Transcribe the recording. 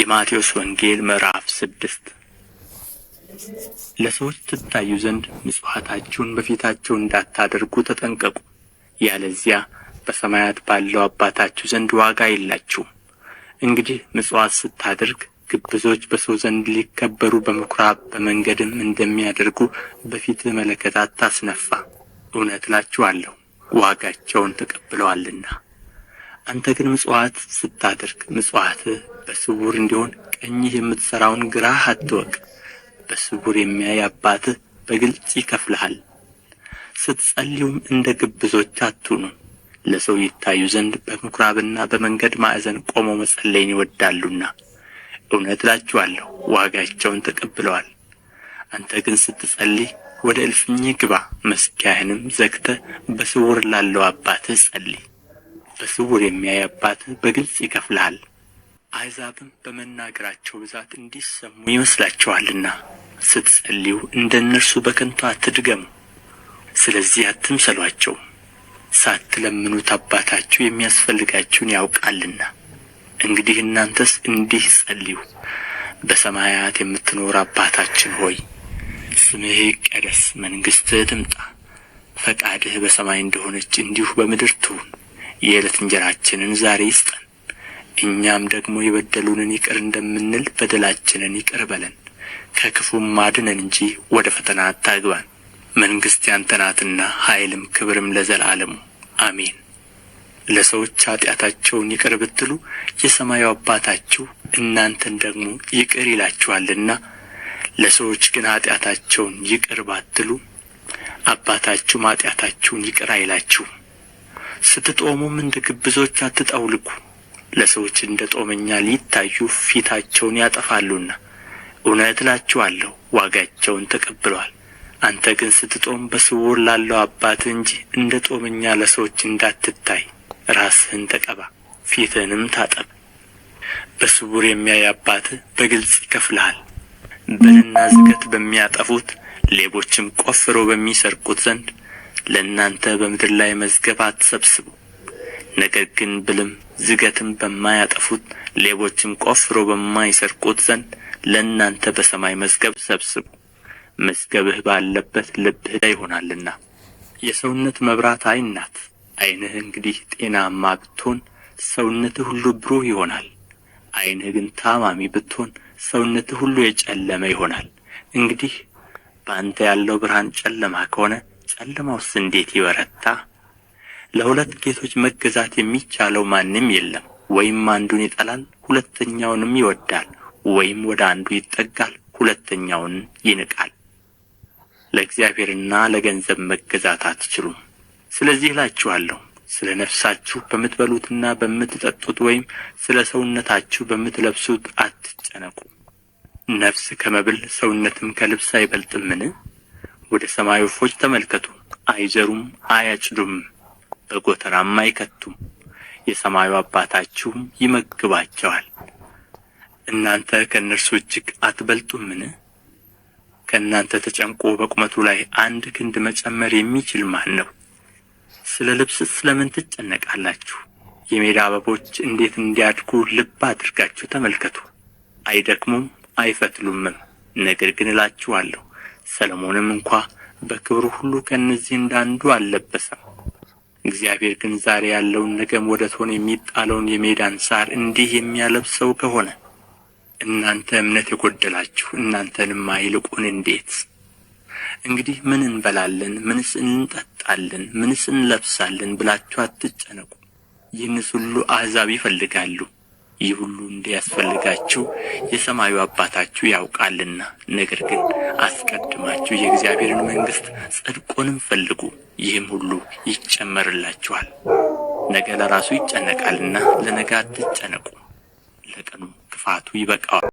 የማቴዎስ ወንጌል ምዕራፍ ስድስት ለሰዎች ትታዩ ዘንድ ምጽዋታችሁን በፊታቸው እንዳታደርጉ ተጠንቀቁ፣ ያለዚያ በሰማያት ባለው አባታችሁ ዘንድ ዋጋ የላችሁም። እንግዲህ ምጽዋት ስታደርግ ግብዞች በሰው ዘንድ ሊከበሩ በምኵራብ በመንገድም እንደሚያደርጉ በፊትህ መለከት አታስነፋ፣ እውነት እላችኋለሁ ዋጋቸውን ተቀብለዋልና። አንተ ግን ምጽዋት ስታደርግ ምጽዋትህ በስውር እንዲሆን ቀኝህ የምትሠራውን ግራህ አትወቅ። በስውር የሚያይ አባትህ በግልጽ ይከፍልሃል። ስትጸልዩም እንደ ግብዞች አትሁኑ፣ ለሰው ይታዩ ዘንድ በምኵራብና በመንገድ ማዕዘን ቆመው መጸለይን ይወዳሉና፣ እውነት እላችኋለሁ ዋጋቸውን ተቀብለዋል። አንተ ግን ስትጸልይ ወደ እልፍኝህ ግባ፣ መስኪያህንም ዘግተህ በስውር ላለው አባትህ ጸልይ። በስውር የሚያይ አባትህ በግልጽ ይከፍልሃል። አሕዛብም በመናገራቸው ብዛት እንዲሰሙ ይመስላቸዋልና። ስትጸልዩ እንደ እነርሱ በከንቱ አትድገሙ። ስለዚህ አትምሰሏቸው፣ ሳትለምኑት አባታችሁ የሚያስፈልጋችሁን ያውቃልና። እንግዲህ እናንተስ እንዲህ ጸልዩ። በሰማያት የምትኖር አባታችን ሆይ ስምህ ይቀደስ፣ መንግሥትህ ትምጣ፣ ፈቃድህ በሰማይ እንደሆነች እንዲሁ በምድር ትሁን። የዕለት እንጀራችንን ዛሬ ይስጠን እኛም ደግሞ የበደሉንን ይቅር እንደምንል በደላችንን ይቅር በለን፣ ከክፉም ማድነን እንጂ ወደ ፈተና አታግባን። መንግሥት ያንተ ናትና ኃይልም ክብርም ለዘላለሙ አሜን። ለሰዎች ኃጢአታቸውን ይቅር ብትሉ የሰማዩ አባታችሁ እናንተን ደግሞ ይቅር ይላችኋልና፣ ለሰዎች ግን ኃጢአታቸውን ይቅር ባትሉ አባታችሁም ኃጢአታችሁን ይቅር አይላችሁም። ስትጦሙም እንደ ግብዞች አትጠውልጉ ለሰዎች እንደ ጦመኛ ሊታዩ ፊታቸውን ያጠፋሉና፣ እውነት እላችኋለሁ ዋጋቸውን ተቀብለዋል። አንተ ግን ስትጦም በስውር ላለው አባትህ እንጂ እንደ ጦመኛ ለሰዎች እንዳትታይ ራስህን ተቀባ፣ ፊትህንም ታጠብ። በስውር የሚያይ አባትህ በግልጽ ይከፍልሃል። ብልና ዝገት በሚያጠፉት ሌቦችም ቆፍረው በሚሰርቁት ዘንድ ለእናንተ በምድር ላይ መዝገብ አትሰብስቡ። ነገር ግን ብልም ዝገትም በማያጠፉት ሌቦችም ቆፍሮ በማይሰርቁት ዘንድ ለእናንተ በሰማይ መዝገብ ሰብስቡ፣ መዝገብህ ባለበት ልብህ ይሆናልና። የሰውነት መብራት ዓይን ናት። ዓይንህ እንግዲህ ጤናማ ብትሆን ሰውነትህ ሁሉ ብሩህ ይሆናል። ዓይንህ ግን ታማሚ ብትሆን ሰውነትህ ሁሉ የጨለመ ይሆናል። እንግዲህ በአንተ ያለው ብርሃን ጨለማ ከሆነ ጨለማውስ እንዴት ይበረታ? ለሁለት ጌቶች መገዛት የሚቻለው ማንም የለም። ወይም አንዱን ይጠላል፣ ሁለተኛውንም ይወዳል፣ ወይም ወደ አንዱ ይጠጋል፣ ሁለተኛውን ይንቃል። ለእግዚአብሔርና ለገንዘብ መገዛት አትችሉም። ስለዚህ እላችኋለሁ ስለ ነፍሳችሁ በምትበሉትና በምትጠጡት ወይም ስለ ሰውነታችሁ በምትለብሱት አትጨነቁ። ነፍስ ከመብል ሰውነትም ከልብስ አይበልጥምን? ወደ ሰማይ ወፎች ተመልከቱ፣ አይዘሩም፣ አያጭዱም በጎተራም አይከቱም፣ የሰማዩ አባታችሁም ይመግባቸዋል። እናንተ ከእነርሱ እጅግ አትበልጡምን? ከእናንተ ተጨንቆ በቁመቱ ላይ አንድ ክንድ መጨመር የሚችል ማን ነው? ስለ ልብስስ ስለምን ትጨነቃላችሁ? የሜዳ አበቦች እንዴት እንዲያድጉ ልብ አድርጋችሁ ተመልከቱ። አይደክሙም፣ አይፈትሉምም። ነገር ግን እላችኋለሁ ሰለሞንም እንኳ በክብሩ ሁሉ ከእነዚህ እንዳንዱ አልለበሰም። እግዚአብሔር ግን ዛሬ ያለውን ነገም ወደ እቶን የሚጣለውን የሜዳን ሳር እንዲህ የሚያለብሰው ከሆነ እናንተ እምነት የጎደላችሁ እናንተንማ ይልቁን እንዴት! እንግዲህ ምን እንበላለን? ምንስ እንጠጣለን? ምንስ እንለብሳለን ብላችሁ አትጨነቁ። ይህንስ ሁሉ አሕዛብ ይፈልጋሉ። ይህ ሁሉ እንዲያስፈልጋችሁ የሰማዩ አባታችሁ ያውቃልና። ነገር ግን አስቀድማችሁ የእግዚአብሔርን መንግሥት ጽድቁንም ፈልጉ፣ ይህም ሁሉ ይጨመርላችኋል። ነገ ለራሱ ይጨነቃልና ለነገ አትጨነቁ። ለቀኑ ክፋቱ ይበቃዋል።